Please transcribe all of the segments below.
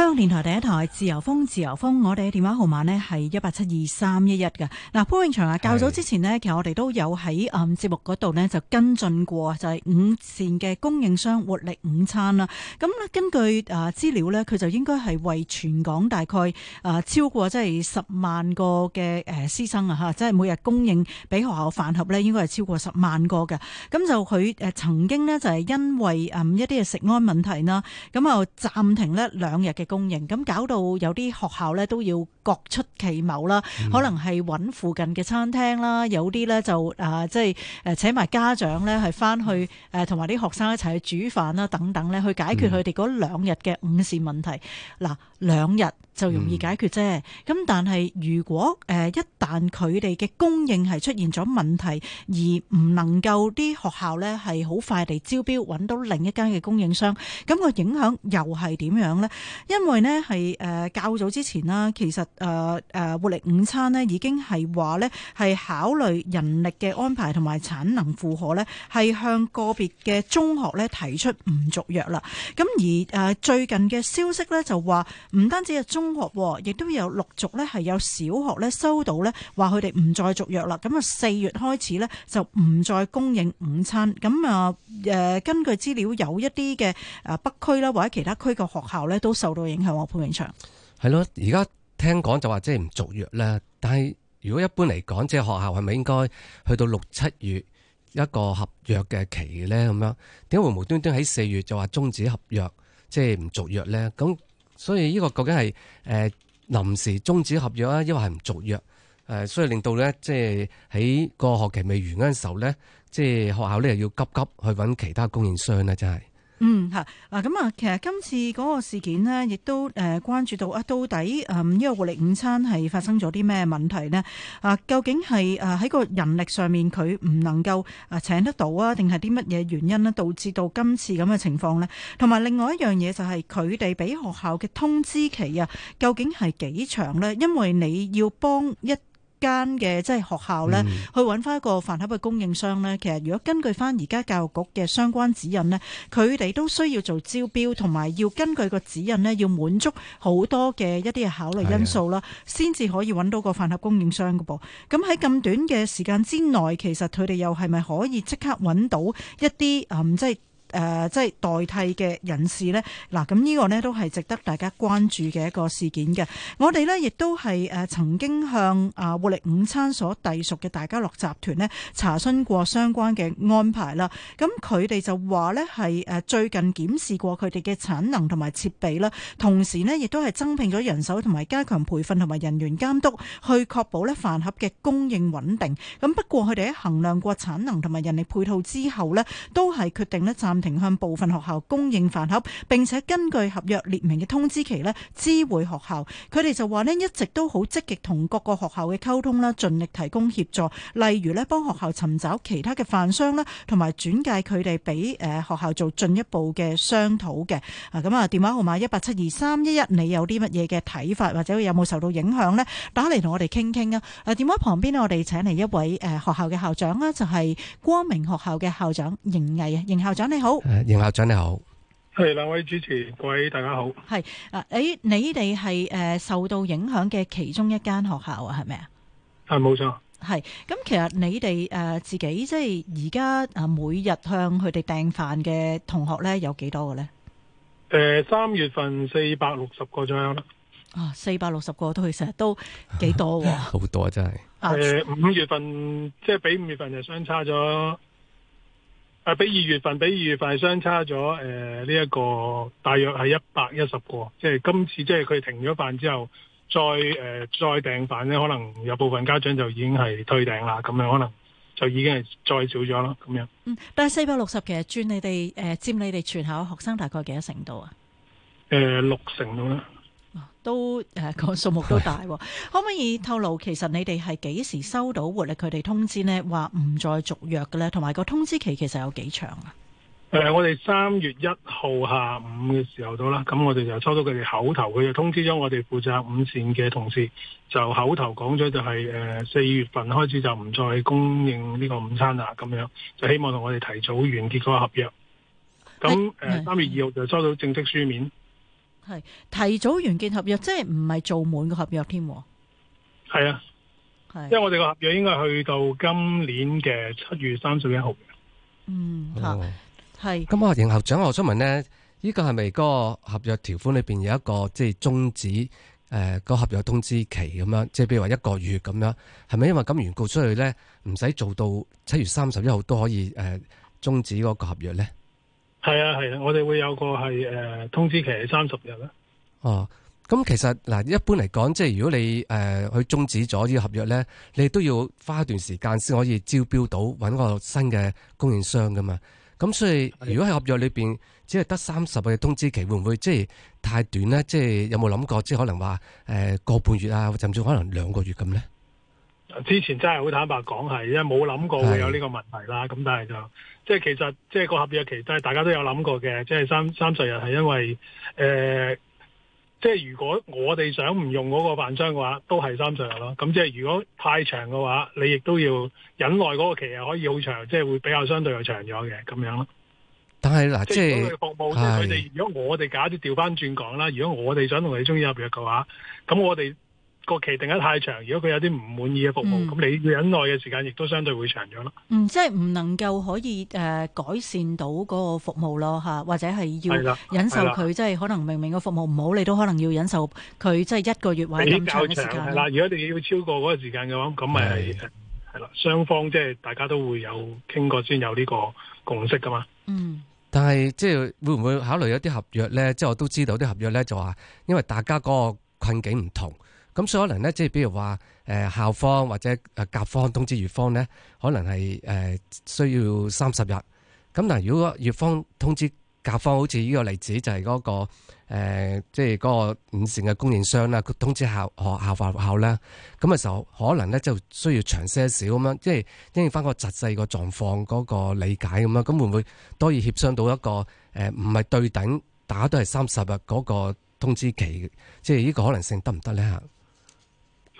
香港電台第一台《自由風》，自由風，我哋嘅電話號碼呢，係一八七二三一一嘅。嗱，潘永祥啊，較早之前呢，其實我哋都有喺誒節目嗰度呢，就跟進過，就係、是、午膳嘅供應商活力午餐啦。咁咧根據誒資、呃、料呢，佢就應該係為全港大概誒、呃、超過即係十萬個嘅誒、呃、師生啊吓，即係每日供應俾學校飯盒呢，應該係超過十萬個嘅。咁就佢誒、呃、曾經呢，就係、是、因為誒、嗯、一啲嘅食安問題啦，咁啊暫停呢兩日嘅。供應，咁搞到有啲學校呢，都要各出其謀啦，可能係揾附近嘅餐廳啦，有啲呢就啊即係誒請埋家長呢，係返去誒同埋啲學生一齊去煮飯啦等等呢，去解決佢哋嗰兩日嘅午膳問題。嗱，兩日。就容易解決啫。咁但係如果誒一旦佢哋嘅供應係出現咗問題，而唔能夠啲學校咧係好快地招標揾到另一間嘅供應商，咁個影響又係點樣咧？因為咧係誒較早之前啦，其實誒誒、呃、活力午餐咧已經係話咧係考慮人力嘅安排同埋產能負荷咧，係向個別嘅中學咧提出唔續約啦。咁而誒、呃、最近嘅消息咧就話唔單止係中中學亦都有陸續咧，係有小學咧收到咧，話佢哋唔再續約啦。咁啊，四月開始咧就唔再供應午餐。咁啊，誒，根據資料，有一啲嘅誒北區啦，或者其他區嘅學校咧都受到影響。邢校長，係咯，而家聽講就話即係唔續約啦。但係如果一般嚟講，即係學校係咪應該去到六七月一個合約嘅期咧？咁樣點解會無端端喺四月就話終止合約，即係唔續約咧？咁所以呢個究竟係誒臨時終止合約啊，抑或係唔續約？誒，所以令到呢，即係喺個學期未完嗰陣時候呢，即係學校呢，又要急急去揾其他供應商咧，真係。嗯吓，嗱咁啊，其實今次嗰個事件咧，亦都誒關注到啊，到底誒呢個活力午餐係發生咗啲咩問題咧？啊，究竟係誒喺個人力上面佢唔能夠啊請得到啊，定係啲乜嘢原因咧，導致到今次咁嘅情況咧？同埋另外一樣嘢就係佢哋俾學校嘅通知期啊，究竟係幾長咧？因為你要幫一間嘅即係學校呢，去揾翻一個飯盒嘅供應商呢、嗯。其實如果根據翻而家教育局嘅相關指引呢，佢哋都需要做招標，同埋要根據個指引呢，要滿足好多嘅一啲考慮因素啦，先至可以揾到個飯盒供應商噶噃。咁喺咁短嘅時間之內，其實佢哋又係咪可以即刻揾到一啲、嗯、即係誒、呃，即係代替嘅人士呢，嗱，咁呢個呢都係值得大家關注嘅一個事件嘅。我哋呢亦都係曾經向啊活力午餐所隸屬嘅大家樂集團呢查詢過相關嘅安排啦。咁佢哋就話呢係最近檢視過佢哋嘅產能同埋設備啦，同時呢亦都係增聘咗人手同埋加強培訓同埋人員監督，去確保呢飯盒嘅供應穩定。咁不過，佢哋喺衡量過產能同埋人力配套之後呢，都係決定呢暫。停向部分學校供應飯盒，並且根據合約列明嘅通知期咧，知會學校。佢哋就話咧，一直都好積極同各個學校嘅溝通啦，盡力提供協助，例如咧幫學校尋找其他嘅飯商啦，同埋轉介佢哋俾誒學校做進一步嘅商討嘅。啊，咁啊，電話號碼一八七二三一一，你有啲乜嘢嘅睇法或者有冇受到影響咧？打嚟同我哋傾傾啊！啊，電話旁邊咧，我哋請嚟一位誒學校嘅校長啦，就係光明學校嘅校長邢毅啊，邢校長你好。好，邢校長你好，係兩位主持，各位大家好，係誒，你哋係誒受到影響嘅其中一間學校啊，係咪啊？係冇錯，係咁，其實你哋誒自己即係而家誒每日向佢哋訂飯嘅同學咧，有幾多個咧？誒，三月份四百六十個左右啦，啊、哦，四百六十個都係成日都幾多、啊，好 多真係，誒、呃，五月份即係比五月份就相差咗。比二月份，比二月份相差咗，誒呢一個大約係一百一十個，即係今次即係佢停咗飯之後，再誒、呃、再訂飯咧，可能有部分家長就已經係退訂啦，咁樣可能就已經係再少咗咯，咁樣。嗯，但係四百六十其實佔你哋誒佔你哋全校學生大概幾多少成度啊？誒、呃，六成到啦。都誒個、呃、數目都大、哦， 可唔可以透露其實你哋係幾時收到活力佢哋通知呢？話唔再續約嘅咧，同埋個通知期其實有幾長啊？呃、我哋三月一號下午嘅時候到啦，咁我哋就收到佢哋口頭，佢就通知咗我哋負責午膳嘅同事，就口頭講咗就係、是、呃、四月份開始就唔再供應呢個午餐啦，咁樣就希望同我哋提早完結個合約。咁呃、三月二號就收到正式書面。 係提早完結合約，即係唔係做滿個合約添？係啊，係，因為我哋個合約應該去到今年嘅七月三十一號。嗯，係、嗯。咁啊，然、哦嗯嗯、後掌我想問呢，依、這個係咪嗰個合約條款裏邊有一個即係終止誒個合約通知期咁樣？即係比如話一個月咁樣，係咪因為咁原告出去呢，唔使做到七月三十一號都可以誒終、呃、止嗰個合約呢？係啊係啊，我哋會有個係誒、呃、通知期係三十日啦。哦，咁其實嗱，一般嚟講，即係如果你誒、呃、去終止咗呢個合約咧，你都要花一段時間先可以招標到搵個新嘅供應商噶嘛。咁所以如果喺合約裏邊只係得三十個嘅通知期，會唔會即係太短咧？即係有冇諗過即係可能話誒個半月啊，甚至可能兩個月咁、啊、咧？之前真係好坦白講係，因為冇諗過會有呢個問題啦。咁但係就即係其實即係個合約期都係大家都有諗過嘅，即係三三十日係因為誒，即係如果我哋想唔用嗰個辦商嘅話，都係三十日咯。咁即係如果太長嘅話，你亦都要忍耐嗰個期係可以好長，即係會比較相對又長咗嘅咁樣咯。但係嗱，即係服務即係佢哋。如果我哋假設調翻轉講啦，如果我哋想同你鍾意入約嘅話，咁我哋。個期定得太長，如果佢有啲唔滿意嘅服務，咁你忍耐嘅時間亦都相對會長咗啦。嗯，即係唔能夠可以誒改善到嗰個服務咯，嚇，或者係要忍受佢即係可能明明個服務唔好，你都可能要忍受佢即係一個月或者咁長嘅時間。係啦，如果你要超過嗰個時間嘅話，咁咪係係啦，雙方即係大家都會有傾過先有呢個共識㗎嘛。嗯，但係即係會唔會考慮一啲合約咧？即係我都知道啲合約咧，就話因為大家嗰個困境唔同。咁所以可能咧，即係比如話，誒校方或者誒甲方通知乙方咧，可能係誒需要三十日。咁嗱，如果乙方通知甲方，好似呢個例子就係嗰個誒，即係嗰個五線嘅供應商啦，通知校學校學校咧，咁嘅時候可能咧就需要長些少咁樣，即係因應翻個實際個狀況嗰個理解咁樣。咁會唔會多以協商到一個誒唔係對等，大家都係三十日嗰個通知期，即係呢個可能性得唔得咧吓？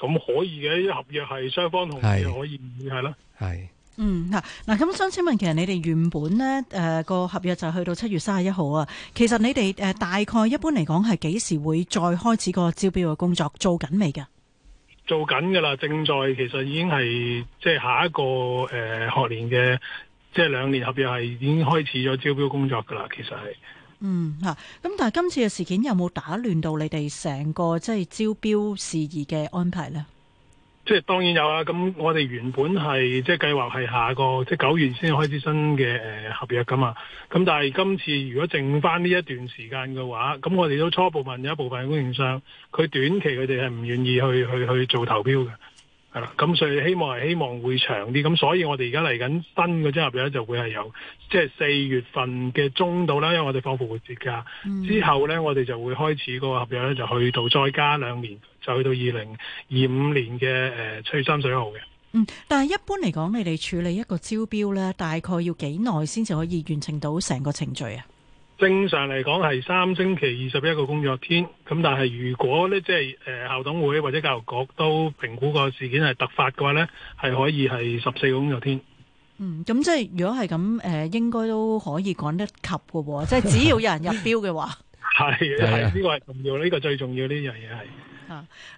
咁可以嘅，一合約係雙方同意可以，係咯。係，嗯嗱，嗱咁，想請問，其實你哋原本呢誒個合約就去到七月三十一號啊。其實你哋、誒、呃、大概一般嚟講係幾時會再開始個招標嘅工作？做緊未㗎？做緊噶啦，正在其實已經係即係下一個誒、呃、學年嘅即係兩年合約係已經開始咗招標工作噶啦，其實係。嗯吓，咁、啊、但係今次嘅事件有冇打亂到你哋成個即係、就是、招標事宜嘅安排呢？即係當然有啦、啊，咁我哋原本係即係計劃係下個即係九月先開始新嘅誒合約噶嘛，咁但係今次如果剩翻呢一段時間嘅話，咁我哋都初步問咗一部分供應商，佢短期佢哋係唔願意去去去做投標嘅。係啦，咁所以希望係希望會長啲，咁所以我哋而家嚟緊新張合約咧就會係由即係四月份嘅中度啦，因為我哋放復活節假之後咧我哋就會開始嗰個合約咧就去到再加兩年，就去到二零二五年嘅誒、呃、七月三十號嘅。嗯，但係一般嚟講，你哋處理一個招標咧，大概要幾耐先至可以完成到成個程序啊？正常嚟講係三星期二十一個工作天，咁但係如果呢，即係誒、呃，校董會或者教育局都評估過事件係突發嘅話呢，係可以係十四個工作天。嗯，咁即係如果係咁誒，應該都可以趕得及㗎、哦，即係只要有人入標嘅話。係係呢個係重要，呢、呢個最重要呢樣嘢係。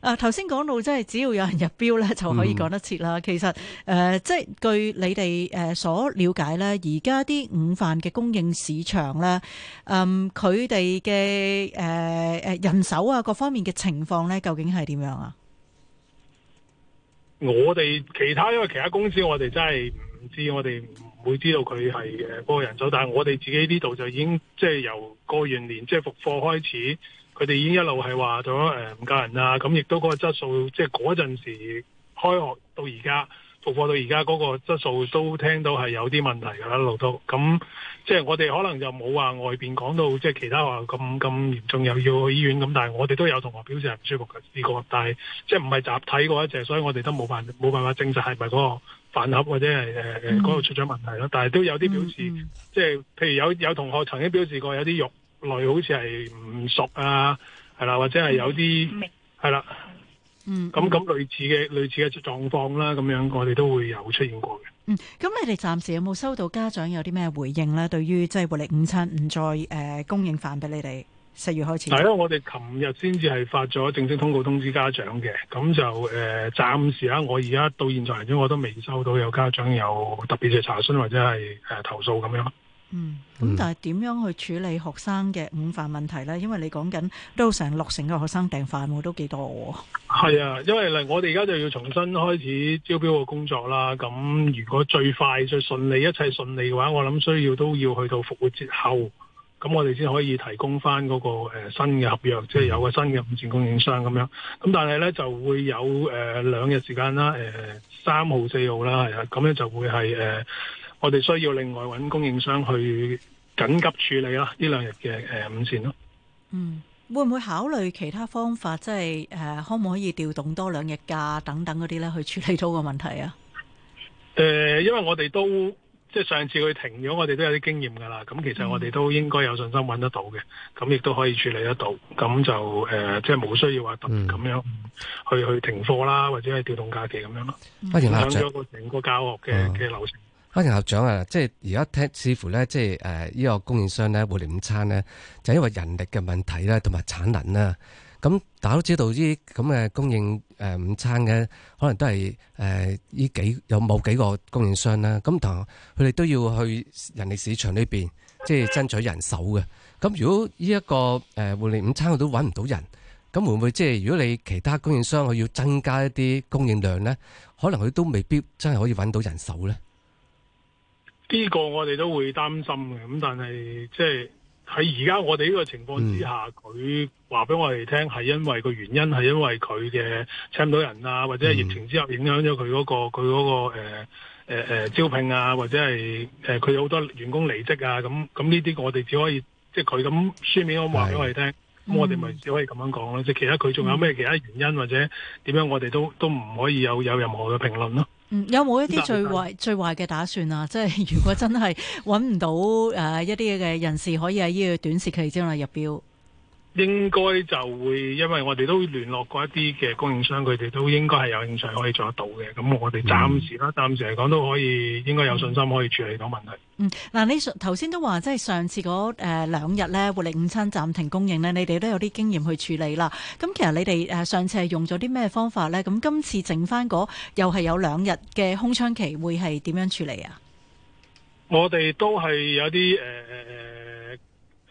啊！頭先講到即係只要有人入標咧，就可以講得切啦，嗯。其實誒、呃，即係據你哋誒所了解咧，而家啲午飯嘅供應市場咧，嗯、呃，佢哋嘅誒誒人手啊，各方面嘅情況咧，究竟係點樣啊？我哋其他因為其他公司我哋真係唔知，我哋唔會知道佢係誒嗰個人手，但係我哋自己呢度就已經即係、就是、由過完年即係復課開始。佢哋已經一路係話咗誒唔夠人啦，咁亦都嗰個質素，即係嗰陣時開學到而家復課到而家嗰個質素都聽到係有啲問題㗎啦，一路都咁，即係我哋可能就冇話外邊講到即係其他學校咁咁嚴重，又要去醫院咁，但係我哋都有同學表示係唔舒服嘅試過，但係即係唔係集體嘅話就，所以我哋都冇辦冇辦法證實係咪嗰個飯盒或者係誒誒嗰度出咗問題咯，但係都有啲表示，嗯、即係譬如有有同學曾經表示過有啲肉。類好似係唔熟啊，係啦、啊，或者係有啲係啦，嗯，咁咁、啊嗯嗯、類似嘅類似嘅狀況啦，咁樣我哋都會有出現過嘅。嗯，咁你哋暫時有冇收到家長有啲咩回應呢？對於即係活力午餐唔再誒、呃、供應飯俾你哋，四月開始。係啊，我哋琴日先至係發咗正式通告通知家長嘅，咁就誒、呃、暫時啊，我而家到現在嚟講，我都未收到有家長有特別嘅查詢或者係誒、呃、投訴咁樣。嗯，咁但係點樣去處理學生嘅午飯問題呢？因為你講緊都成六成嘅學生訂飯，都幾多、哦。係啊，因為咧，我哋而家就要重新開始招標嘅工作啦。咁如果最快最順利一切順利嘅話，我諗需要都要去到復活節後，咁我哋先可以提供翻嗰、嗰個誒、呃、新嘅合約，嗯、即係有個新嘅午餐供應商咁樣。咁但係呢，就會有誒兩、呃、日時間啦，誒三號四號啦，係啊，咁樣就會係誒。呃我哋需要另外揾供應商去緊急處理啦！呢兩日嘅誒、呃、五線午膳咯。嗯，會唔會考慮其他方法？即係誒、呃，可唔可以調動多兩日假等等嗰啲咧，去處理到個問題啊？誒、呃，因為我哋都即係上次佢停咗，我哋都有啲經驗㗎啦。咁其實我哋都應該有信心揾得到嘅，咁亦都可以處理得到。咁就誒、呃，即係冇需要話特別咁樣去去停貨啦，或者係調動假期咁樣咯。影響咗個成個教學嘅嘅、嗯、流程。邢毅校長啊，即係而家聽，似乎咧，即係誒依個供應商咧，活力午餐咧，就係因為人力嘅問題咧，同埋產能啦。咁大家都知道，呢啲咁嘅供應誒午餐嘅，可能都係誒依幾有冇幾個供應商啦。咁同佢哋都要去人力市場呢邊，即係爭取人手嘅。咁如果呢一個誒活力午餐，佢都揾唔到人，咁會唔會即係如果你其他供應商佢要增加一啲供應量咧，可能佢都未必真係可以揾到人手咧？呢、呢個我哋都會擔心嘅，咁但係即係喺而家我哋呢個情況之下，佢話俾我哋聽係因為個原因係因為佢嘅請唔到人啊，或者係疫情之後影響咗佢嗰個佢嗰、嗰個誒、呃呃、招聘啊，或者係誒佢有好多員工離職啊，咁咁呢啲我哋只可以即係佢咁書面咁話俾我哋聽，咁我哋咪只可以咁樣講咯，即、嗯、係其他佢仲有咩其他原因、嗯、或者點樣我，我哋都都唔可以有有任何嘅評論咯。嗯，有冇一啲最壞最壞嘅打算啊？即係如果真係揾唔到誒、 啊、一啲嘅人士可以喺呢個短時期之內入標？應該就會，因為我哋都聯絡過一啲嘅供應商，佢哋都應該係有興趣可以做得到嘅。咁我哋暫時啦，暫時嚟講都可以，應該有信心可以處理到問題。嗯，嗱，你頭先都話即係上次嗰誒兩日呢，活力午餐暫停供應呢，你哋都有啲經驗去處理啦。咁其實你哋誒上次係用咗啲咩方法呢？咁今次剩翻嗰又係有兩日嘅空窗期，會係點樣處理啊？我哋都係有啲誒誒誒。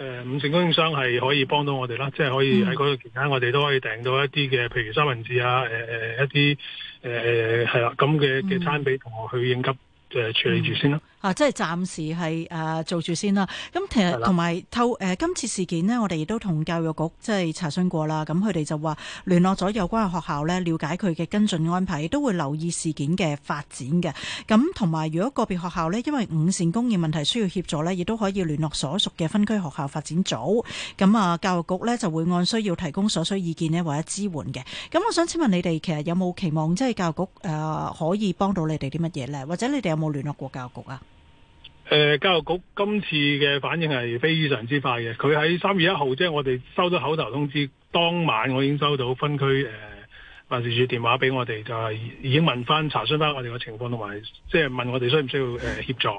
誒五成供應商係可以幫到我哋啦，即係可以喺嗰個期間，我哋都可以訂到一啲嘅，譬如三文治啊，誒誒一啲誒係啦咁嘅嘅餐俾同學去應急。就係處理住先咯，啊，即係暫時係誒、啊、做住先啦。咁其實同埋透誒、呃、今次事件呢，我哋亦都同教育局即係查詢過啦。咁佢哋就話聯絡咗有關嘅學校呢，了解佢嘅跟進安排，亦都會留意事件嘅發展嘅。咁同埋如果個別學校呢，因為五線工業問題需要協助呢，亦都可以聯絡所屬嘅分區學校發展組。咁啊，教育局呢就會按需要提供所需意見呢，或者支援嘅。咁我想請問你哋其實有冇期望即係教育局誒、呃、可以幫到你哋啲乜嘢呢？或者你哋有冇？有冇聯絡過教育局啊？誒，教育局今次嘅反應係非常之快嘅。佢喺三月一號，即係我哋收到口頭通知當晚，我已經收到分區誒辦事處電話俾我哋，就係已經問翻查詢翻我哋嘅情況，同埋即係問我哋需唔需要誒協助。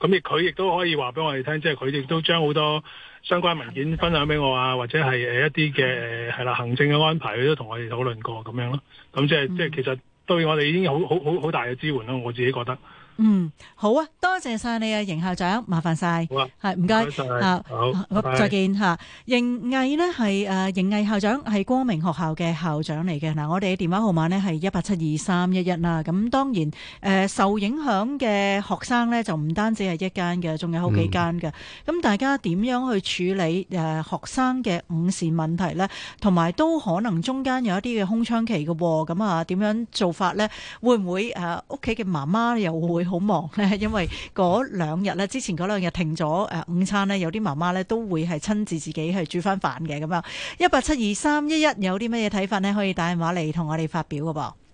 咁亦佢亦都可以話俾我哋聽，即係佢亦都將好多相關文件分享俾我啊，或者係誒一啲嘅係啦行政嘅安排，佢都同我哋討論過咁樣咯。咁即係即係其實對我哋已經好好好好大嘅支援咯，我自己覺得。嗯，好啊，多謝晒你啊，邢校長，麻煩晒，係唔該，好，再見吓。邢毅呢係誒，邢、啊、毅、啊、校長係光明學校嘅校長嚟嘅。嗱、啊，我哋嘅電話號碼呢係一八七二三一一啦。咁當然誒、呃，受影響嘅學生呢就唔單止係一間嘅，仲有好幾間嘅。咁、嗯、大家點樣去處理誒、啊、學生嘅午膳問題呢？同埋都可能中間有一啲嘅空窗期嘅。咁啊，點、啊、樣做法呢？會唔會誒，屋企嘅媽媽又會？好忙咧，因為嗰兩日咧，之前嗰兩日停咗誒，午餐咧有啲媽媽咧都會係親自自己去煮翻飯嘅咁樣。一八七二三一一有啲乜嘢睇法呢？可以打電話嚟同我哋發表噶噃。